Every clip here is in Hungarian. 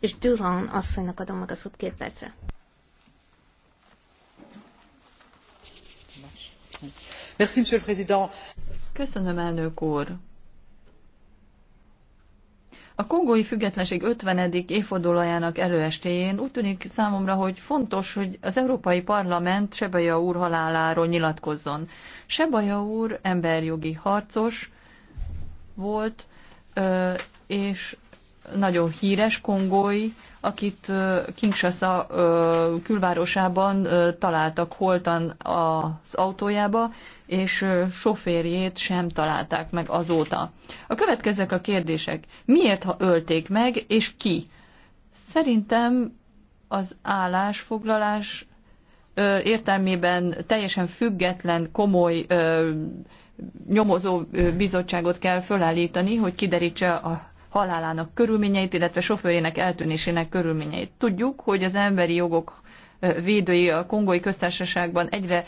és Duran asszonynak adom meg a szót két percre. Merci, Monsieur le Président. Köszönöm, elnök úr. A kongói függetlenség 50. évfordulójának előestéjén úgy tűnik számomra, hogy fontos, hogy az Európai Parlament Sebaja úr haláláról nyilatkozzon. Sebaja úr emberjogi harcos volt, és nagyon híres kongói, akit Kinshasa külvárosában találtak holtan az autójába, és sofőrjét sem találták meg azóta. A következők a kérdések. Miért ha ölték meg, és ki? Szerintem az állásfoglalás értelmében teljesen független, komoly nyomozó bizottságot kell fölállítani, hogy kiderítse a halálának körülményeit, illetve sofőrének eltűnésének körülményeit. Tudjuk, hogy az emberi jogok védői a kongói köztársaságban egyre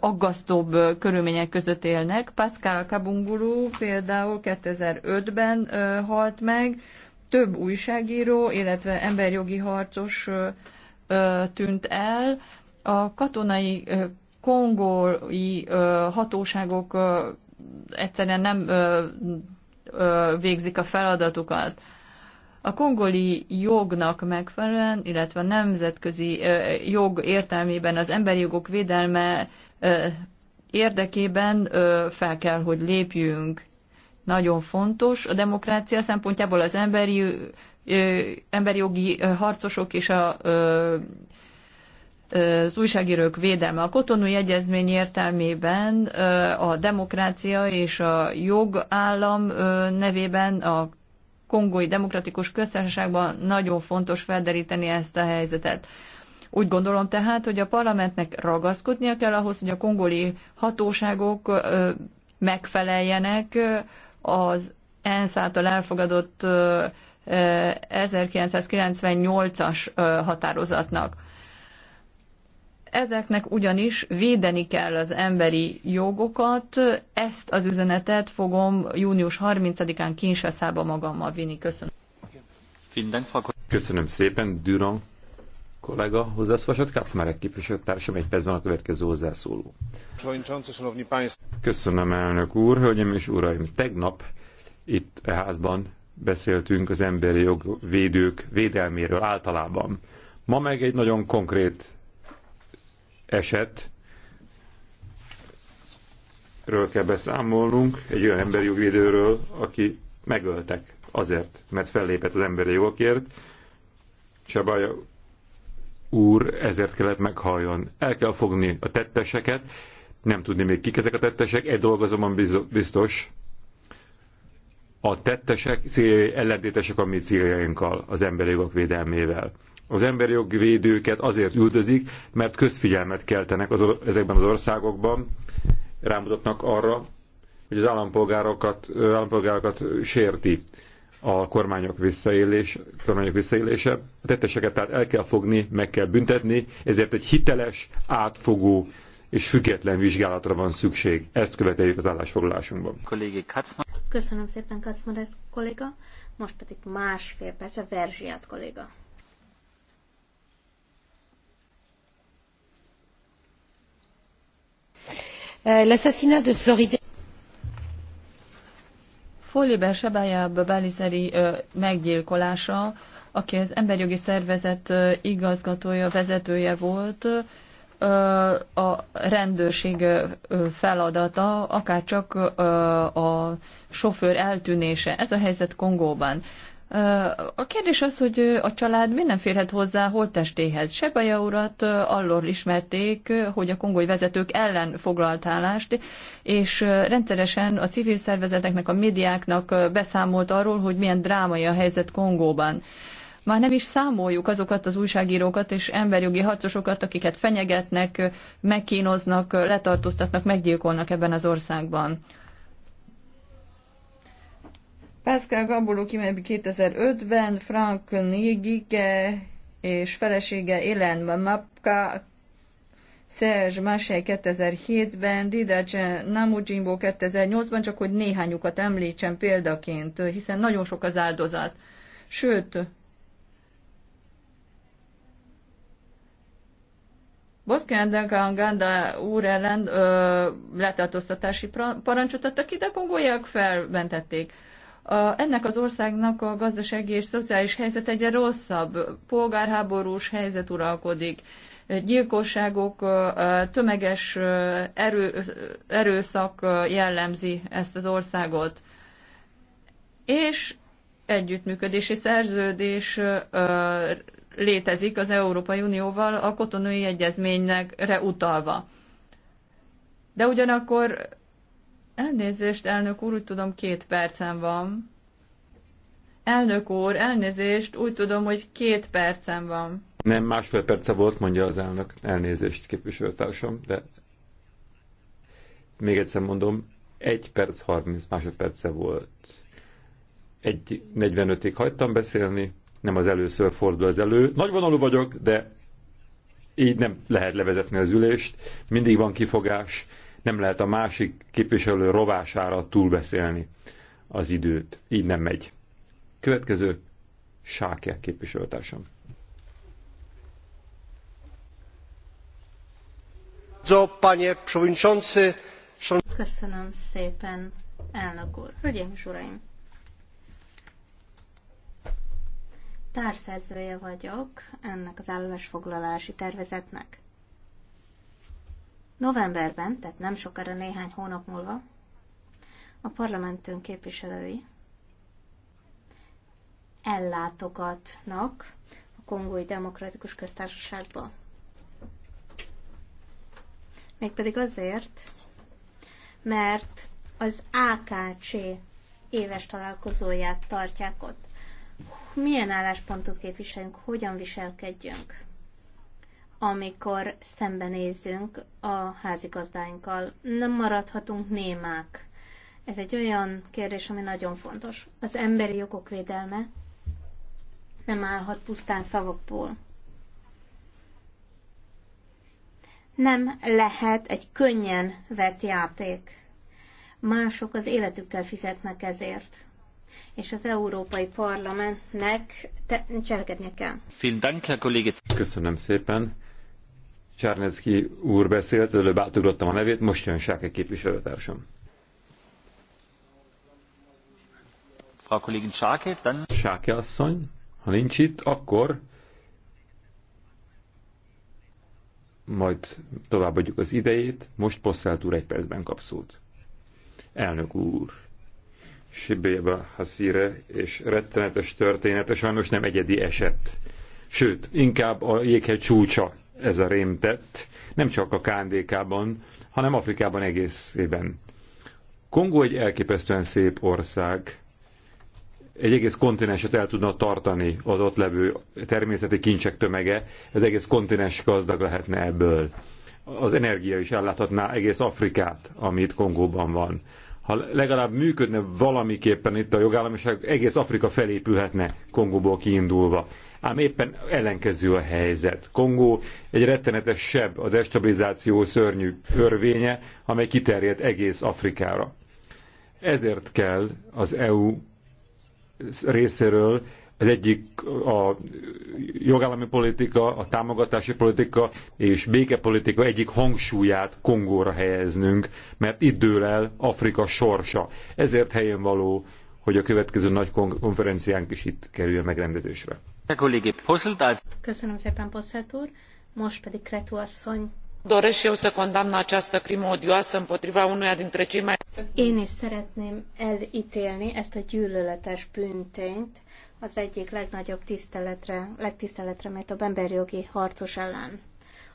aggasztóbb körülmények között élnek. Pascal Kabungulu például 2005-ben halt meg, több újságíró, illetve emberjogi harcos tűnt el. A katonai kongói hatóságok egyszerűen nem végzik a feladatukat. A kongoli jognak megfelelően, illetve a nemzetközi jog értelmében az emberi jogok védelme érdekében fel kell, hogy lépjünk. Nagyon fontos a demokrácia szempontjából az emberi emberi jogi harcosok és a az újságírók védelme. A kotonúi egyezmény értelmében a demokrácia és a jogállam nevében a kongói demokratikus köztársaságban nagyon fontos felderíteni ezt a helyzetet. Úgy gondolom tehát, hogy a parlamentnek ragaszkodnia kell ahhoz, hogy a kongoli hatóságok megfeleljenek az ENSZ által elfogadott 1998-as határozatnak. Ezeknek ugyanis védeni kell az emberi jogokat. Ezt az üzenetet fogom június 30-án Kinsaszába magammal vinni. Köszönöm. Köszönöm szépen, Düran kollega hozzászólását, Kacmarek képviselőtársam, egy percben a következő hozzászóló. Köszönöm, elnök úr, hölgyeim és uraim. Tegnap itt a házban beszéltünk az emberi jogvédők védelméről általában. Ma meg egy nagyon konkrét esetről kell beszámolnunk, egy olyan emberi jogvédőről, aki megöltek azért, mert fellépett az emberi jogokért. Csabaja úr ezért kellett meghalljon. El kell fogni a tetteseket, nem tudni még kik ezek a tettesek, egy dolog biztos, a tettesek ellentétesek a mi céljainkkal, az emberi jogok védelmével az emberi jogi védőket azért üldözik, mert közfigyelmet keltenek az, ezekben az országokban, rámutatnak arra, hogy az állampolgárokat, állampolgárokat sérti a kormányok, visszaélés, kormányok visszaélése. A tetteseket tehát el kell fogni, meg kell büntetni, ezért egy hiteles, átfogó és független vizsgálatra van szükség. Ezt követeljük az állásfoglalásunkban. Köszönöm szépen, Kacmarez kolléga. Most pedig másfél perc a Verzsiát kolléga. Euh, l'assassinat de Florida Foliber Sebályába Bálizeri meggyilkolása, aki az emberjogi szervezet igazgatója, vezetője volt, a rendőrség feladata, akár csak a sofőr eltűnése. Ez a helyzet Kongóban. A kérdés az, hogy a család mi nem férhet hozzá holttestéhez. Sebaja urat allor ismerték, hogy a kongoly vezetők ellen foglalt állást, és rendszeresen a civil szervezeteknek, a médiáknak beszámolt arról, hogy milyen drámai a helyzet Kongóban. Már nem is számoljuk azokat az újságírókat és emberjogi harcosokat, akiket fenyegetnek, megkínoznak, letartóztatnak, meggyilkolnak ebben az országban. Pascal Gabuló kimegy 2005-ben, Frank Nigike és felesége Ellen Mapka, Szerzs Masé 2007-ben, Didace Namujimbo 2008-ban, csak hogy néhányukat említsen példaként, hiszen nagyon sok az áldozat. Sőt, Boszkendel Ganda úr ellen ö, letartóztatási parancsot adtak ki, de kongolyak felmentették. A, ennek az országnak a gazdasági és szociális helyzet egyre rosszabb, polgárháborús helyzet uralkodik, gyilkosságok, tömeges erő, erőszak jellemzi ezt az országot. És együttműködési szerződés létezik az Európai Unióval a kotonói egyezménynek utalva. De ugyanakkor Elnézést, elnök úr, úgy tudom, két percem van. Elnök úr, elnézést, úgy tudom, hogy két percem van. Nem, másfél perce volt, mondja az elnök. Elnézést, képviselőtársam, de még egyszer mondom, egy perc másfél másodperce volt. Egy negyvenötig hagytam beszélni, nem az először fordul az elő. Nagyvonalú vagyok, de így nem lehet levezetni az ülést. Mindig van kifogás nem lehet a másik képviselő rovására túlbeszélni az időt. Így nem megy. Következő Sáke képviselőtársam. Köszönöm szépen, elnök úr. Hölgyeim és uraim! Társzerzője vagyok ennek az állásfoglalási tervezetnek. Novemberben, tehát nem sokára néhány hónap múlva, a parlamentünk képviselői ellátogatnak a Kongói Demokratikus Köztársaságba. Mégpedig azért, mert az AKC éves találkozóját tartják ott. Milyen álláspontot képviselünk, hogyan viselkedjünk? amikor szembenézzünk a házigazdáinkkal. Nem maradhatunk némák. Ez egy olyan kérdés, ami nagyon fontos. Az emberi jogok védelme nem állhat pusztán szavakból. Nem lehet egy könnyen vett játék. Mások az életükkel fizetnek ezért. És az Európai Parlamentnek te- cselekednie kell. Köszönöm szépen. Csárnecki úr beszélt, előbb átugrottam a nevét, most jön Sáke képviselőtársam. Frau Kollegin Sáke, dann... Sáke asszony, ha nincs itt, akkor majd továbbadjuk az idejét, most Posszált úr egy percben kap szót. Elnök úr, Sibéba Haszire és rettenetes története sajnos nem egyedi eset. Sőt, inkább a jéghegy csúcsa ez a rém tett, nem csak a KNDK-ban, hanem Afrikában egészében. Kongó egy elképesztően szép ország, egy egész kontinenset el tudna tartani az ott levő természeti kincsek tömege, ez egész kontinens gazdag lehetne ebből. Az energia is elláthatná egész Afrikát, amit Kongóban van. Ha legalább működne valamiképpen itt a jogállamiság, egész Afrika felépülhetne Kongóból kiindulva. Ám éppen ellenkező a helyzet. Kongó egy rettenetes seb, a destabilizáció szörnyű örvénye, amely kiterjed egész Afrikára. Ezért kell az EU részéről az egyik a jogállami politika, a támogatási politika és békepolitika egyik hangsúlyát Kongóra helyeznünk, mert itt dől el Afrika sorsa. Ezért helyen való, hogy a következő nagy konferenciánk is itt kerüljön megrendezésre. Köszönöm szépen, Posselt úr. Most pedig Kretu asszony. Doresc și eu să condamn această crimă odioasă împotriva unuia dintre cei mai... Én is szeretném elítélni ezt a gyűlöletes bűntényt az egyik legnagyobb tiszteletre, legtiszteletre méltóbb jogi harcos ellen.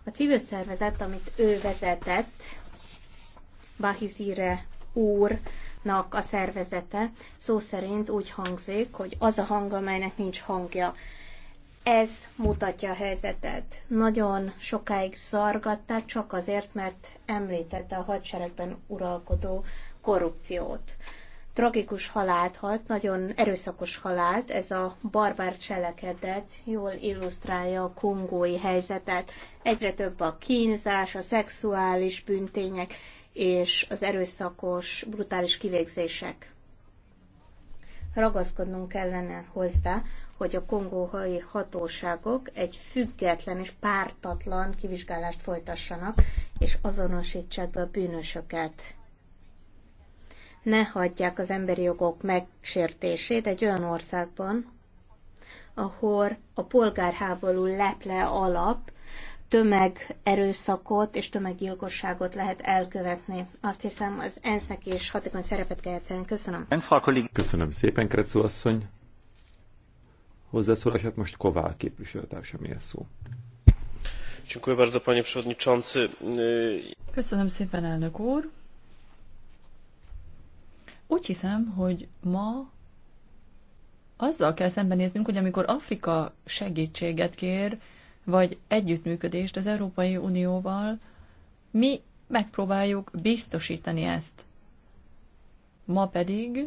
A civil szervezet, amit ő vezetett, Bahizire úrnak a szervezete, szó szerint úgy hangzik, hogy az a hang, amelynek nincs hangja. Ez mutatja a helyzetet. Nagyon sokáig szargatták, csak azért, mert említette a hadseregben uralkodó korrupciót. Tragikus halált halt, nagyon erőszakos halált, ez a barbár cselekedet jól illusztrálja a kongói helyzetet. Egyre több a kínzás, a szexuális büntények és az erőszakos, brutális kivégzések ragaszkodnunk kellene hozzá, hogy a kongóhai hatóságok egy független és pártatlan kivizsgálást folytassanak, és azonosítsák be a bűnösöket. Ne hagyják az emberi jogok megsértését egy olyan országban, ahol a polgárháború leple alap tömegerőszakot és tömeggyilkosságot lehet elkövetni. Azt hiszem, az ENSZ-nek is hatékony szerepet kell játszani. Köszönöm. Köszönöm szépen, Kretszó asszony. Hozzászólását most Kovál képviselőtársa miért szó. Köszönöm szépen, elnök úr. Úgy hiszem, hogy ma azzal kell szembenéznünk, hogy amikor Afrika segítséget kér, vagy együttműködést az Európai Unióval, mi megpróbáljuk biztosítani ezt. Ma pedig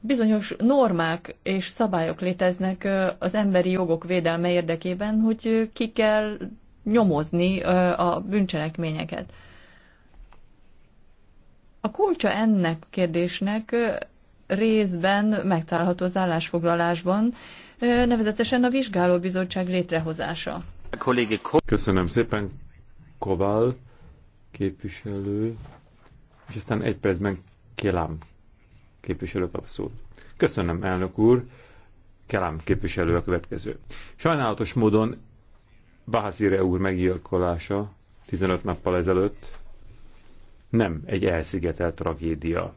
bizonyos normák és szabályok léteznek az emberi jogok védelme érdekében, hogy ki kell nyomozni a bűncselekményeket. A kulcsa ennek kérdésnek részben megtalálható az állásfoglalásban, nevezetesen a vizsgálóbizottság létrehozása. Köszönöm szépen, Kovál képviselő, és aztán egy percben Kélám képviselő kap szót. Köszönöm, elnök úr. Kelám képviselő a következő. Sajnálatos módon Bahazire úr meggyilkolása 15 nappal ezelőtt nem egy elszigetelt tragédia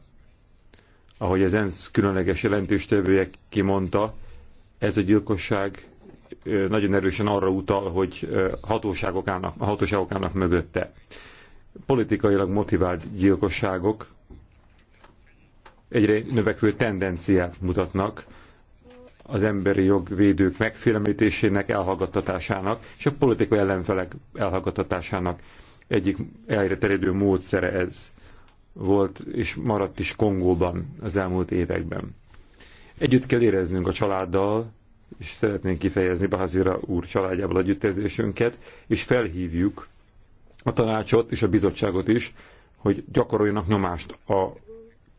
ahogy az ENSZ különleges jelentőstevője kimondta, ez a gyilkosság nagyon erősen arra utal, hogy hatóságok állnak, a hatóságok állnak mögötte. Politikailag motivált gyilkosságok egyre növekvő tendenciát mutatnak az emberi jogvédők megfélemlítésének, elhallgattatásának és a politikai ellenfelek elhallgattatásának egyik elre terjedő módszere ez volt és maradt is Kongóban az elmúlt években. Együtt kell éreznünk a családdal, és szeretnénk kifejezni Bahazira úr családjával együttérzésünket, és felhívjuk a tanácsot és a bizottságot is, hogy gyakoroljanak nyomást a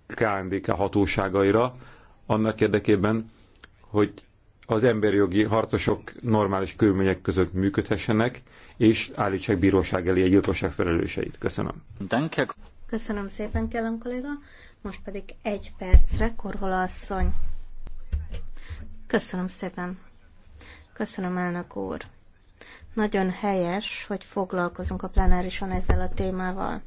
KNDK hatóságaira, annak érdekében, hogy az emberi jogi harcosok normális körülmények között működhessenek, és állítsák bíróság elé a gyilkosság felelőseit. Köszönöm. Köszönöm szépen, Kellen kolléga. Most pedig egy percre, Korhola asszony. Köszönöm szépen. Köszönöm, elnök úr. Nagyon helyes, hogy foglalkozunk a plenárison ezzel a témával.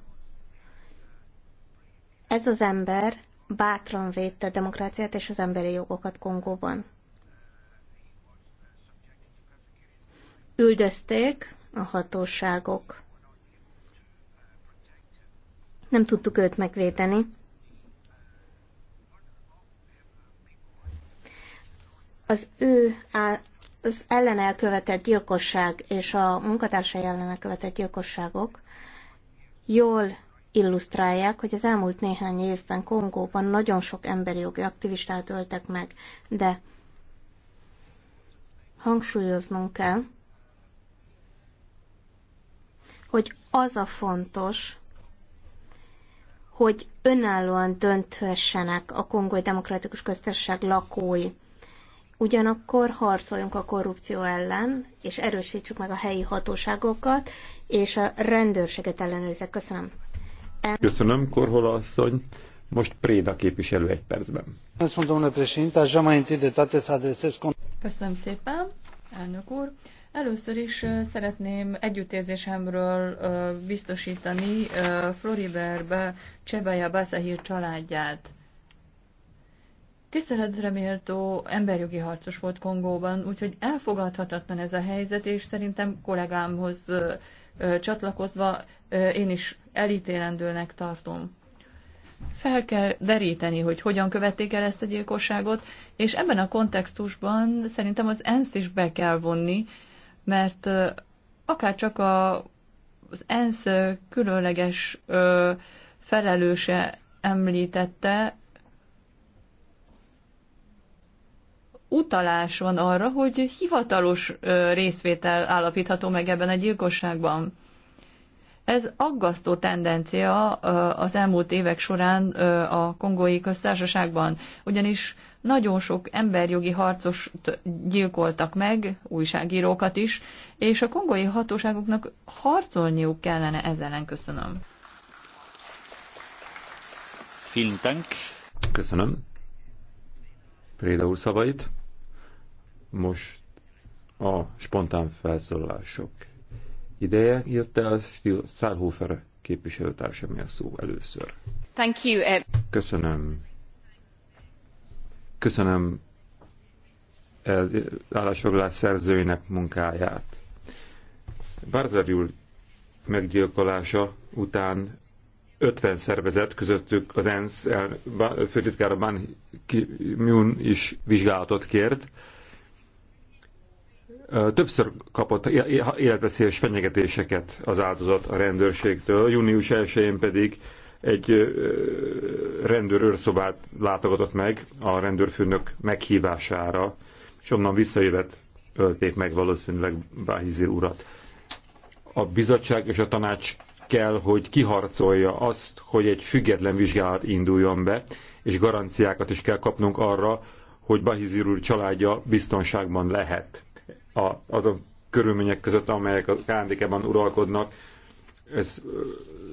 Ez az ember bátran védte a demokráciát és az emberi jogokat Kongóban. Üldözték a hatóságok nem tudtuk őt megvédeni. Az ő áll, az ellen elkövetett gyilkosság és a munkatársai ellen elkövetett gyilkosságok jól illusztrálják, hogy az elmúlt néhány évben Kongóban nagyon sok emberi jogi aktivistát öltek meg, de hangsúlyoznunk kell, hogy az a fontos, hogy önállóan dönthessenek a Kongói Demokratikus Köztársaság lakói. Ugyanakkor harcoljunk a korrupció ellen, és erősítsük meg a helyi hatóságokat, és a rendőrséget ellenőrizek. Köszönöm. El... Köszönöm, Korhola asszony. Most Préda képviselő egy percben. Köszönöm szépen, elnök úr. Először is szeretném együttérzésemről biztosítani Floriberbe Csebaja Baszahír családját. Tiszteletre méltó emberjogi harcos volt Kongóban, úgyhogy elfogadhatatlan ez a helyzet, és szerintem kollégámhoz csatlakozva én is elítélendőnek tartom. Fel kell deríteni, hogy hogyan követték el ezt a gyilkosságot, és ebben a kontextusban szerintem az ensz is be kell vonni, mert akár csak a, az ENSZ különleges ö, felelőse említette, utalás van arra, hogy hivatalos részvétel állapítható meg ebben a gyilkosságban. Ez aggasztó tendencia az elmúlt évek során a kongói köztársaságban, ugyanis nagyon sok emberjogi harcost gyilkoltak meg, újságírókat is, és a kongolai hatóságoknak harcolniuk kellene ezzel ellen. Köszönöm. Köszönöm. Préda úr szavait. Most a spontán felszólalások ideje jött el Szálhófer mi a szó először. Thank you. Eh. Köszönöm Köszönöm állásfoglalás szerzőinek munkáját. Barzerjul meggyilkolása után 50 szervezet, közöttük az ENSZ főtitkára Ban ki myun is vizsgálatot kért. Többször kapott életveszélyes fenyegetéseket az áldozat a rendőrségtől, június 1-én pedig egy rendőrőrszobát látogatott meg a rendőrfőnök meghívására, és onnan visszajövet ölték meg valószínűleg Báhizir urat. A bizottság és a tanács kell, hogy kiharcolja azt, hogy egy független vizsgálat induljon be, és garanciákat is kell kapnunk arra, hogy Bahizir úr családja biztonságban lehet a, azon körülmények között, amelyek a KNDK-ban uralkodnak, ez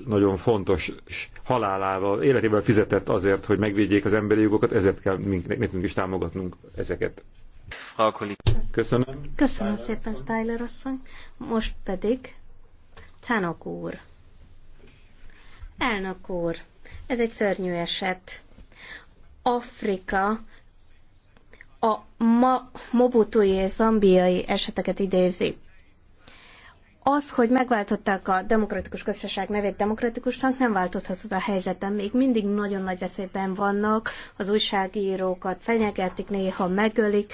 nagyon fontos, és halálával, életével fizetett azért, hogy megvédjék az emberi jogokat, ezért kell nekünk is támogatnunk ezeket. Köszönöm. Köszönöm Tyler szépen, Styler asszony. Most pedig Cánok úr. Elnök úr, ez egy szörnyű eset. Afrika a ma, mobutói és zambiai eseteket idézi az, hogy megváltották a demokratikus köztesség nevét demokratikusnak, nem változhatott a helyzeten. Még mindig nagyon nagy veszélyben vannak, az újságírókat fenyegetik, néha megölik.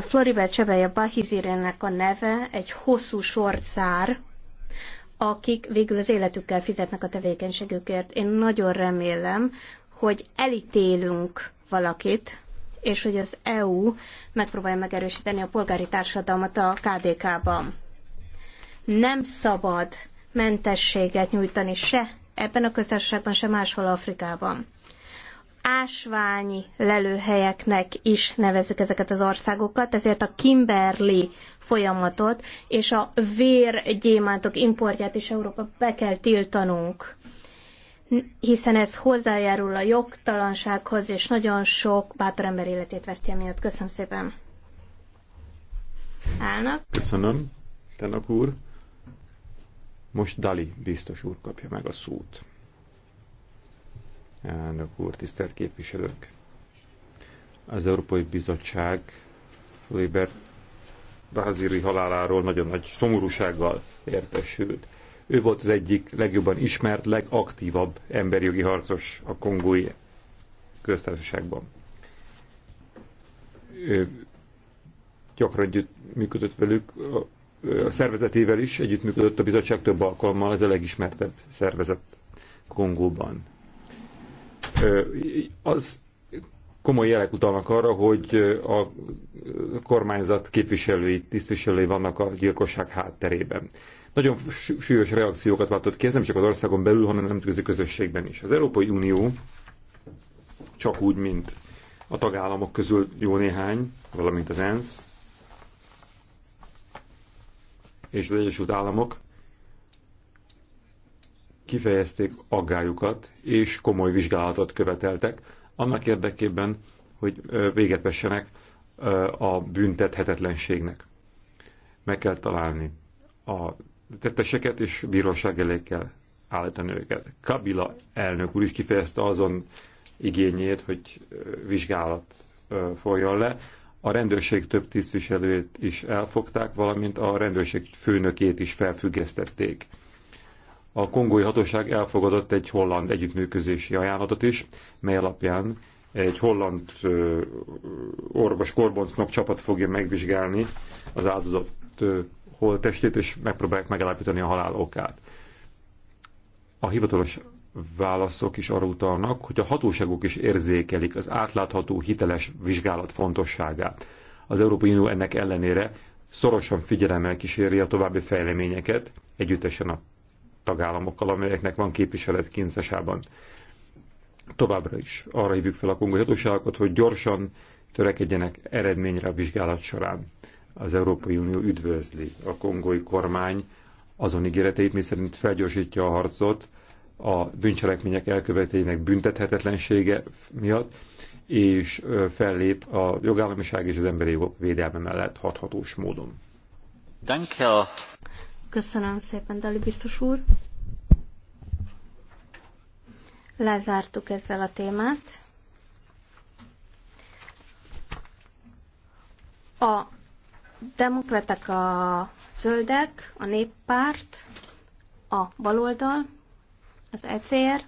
Floribert Csebeje Bahizirének a neve egy hosszú sort zár, akik végül az életükkel fizetnek a tevékenységükért. Én nagyon remélem, hogy elítélünk valakit, és hogy az EU megpróbálja megerősíteni a polgári társadalmat a KDK-ban nem szabad mentességet nyújtani se ebben a köztársaságban, se máshol Afrikában. Ásványi lelőhelyeknek is nevezik ezeket az országokat, ezért a Kimberley folyamatot és a vérgyémántok importját is Európa be kell tiltanunk hiszen ez hozzájárul a jogtalansághoz, és nagyon sok bátor ember életét veszti emiatt. Köszönöm szépen. Állnak. Köszönöm, Tenak úr. Most Dali biztos úr kapja meg a szót. Elnök úr, tisztelt képviselők! Az Európai Bizottság Liber Báziri haláláról nagyon nagy szomorúsággal értesült. Ő volt az egyik legjobban ismert, legaktívabb emberi harcos a kongói köztársaságban. Ő gyakran együtt működött velük szervezetével is együttműködött a bizottság több alkalommal, ez a legismertebb szervezet Kongóban. Az komoly jelek utalnak arra, hogy a kormányzat képviselői, tisztviselői vannak a gyilkosság hátterében. Nagyon súlyos reakciókat váltott ki, ez nem csak az országon belül, hanem nemzetközi közösségben is. Az Európai Unió csak úgy, mint a tagállamok közül jó néhány, valamint az ENSZ, és az Egyesült Államok kifejezték aggályukat, és komoly vizsgálatot követeltek, annak érdekében, hogy véget vessenek a büntethetetlenségnek. Meg kell találni a tetteseket, és bíróság elé kell állítani őket. Kabila elnök úr is kifejezte azon igényét, hogy vizsgálat folyjon le a rendőrség több tisztviselőjét is elfogták, valamint a rendőrség főnökét is felfüggesztették. A kongói hatóság elfogadott egy holland együttműködési ajánlatot is, mely alapján egy holland ö, orvos korboncnok csapat fogja megvizsgálni az áldozat ö, holtestét, és megpróbálják megállapítani a halál okát. A hivatalos válaszok is arra utalnak, hogy a hatóságok is érzékelik az átlátható, hiteles vizsgálat fontosságát. Az Európai Unió ennek ellenére szorosan figyelemmel kíséri a további fejleményeket, együttesen a tagállamokkal, amelyeknek van képviselet kínzásában. Továbbra is arra hívjuk fel a kongói hatóságokat, hogy gyorsan törekedjenek eredményre a vizsgálat során. Az Európai Unió üdvözli a kongói kormány azon ígéreteit, miszerint felgyorsítja a harcot a bűncselekmények elkövetőinek büntethetetlensége miatt, és fellép a jogállamiság és az emberi jogok védelme mellett hathatós módon. Danke. Köszönöm szépen, Dali biztos úr. Lezártuk ezzel a témát. A demokraták a zöldek, a néppárt, a baloldal, az ECR,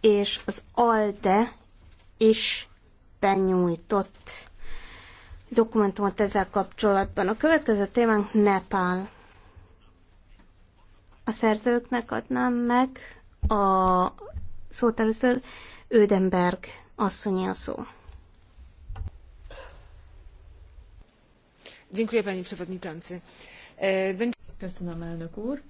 és az ALDE is benyújtott dokumentumot ezzel kapcsolatban. A következő témánk Nepál. A szerzőknek adnám meg a szót először Ödenberg asszonyi a szó. E, Köszönöm, elnök úr.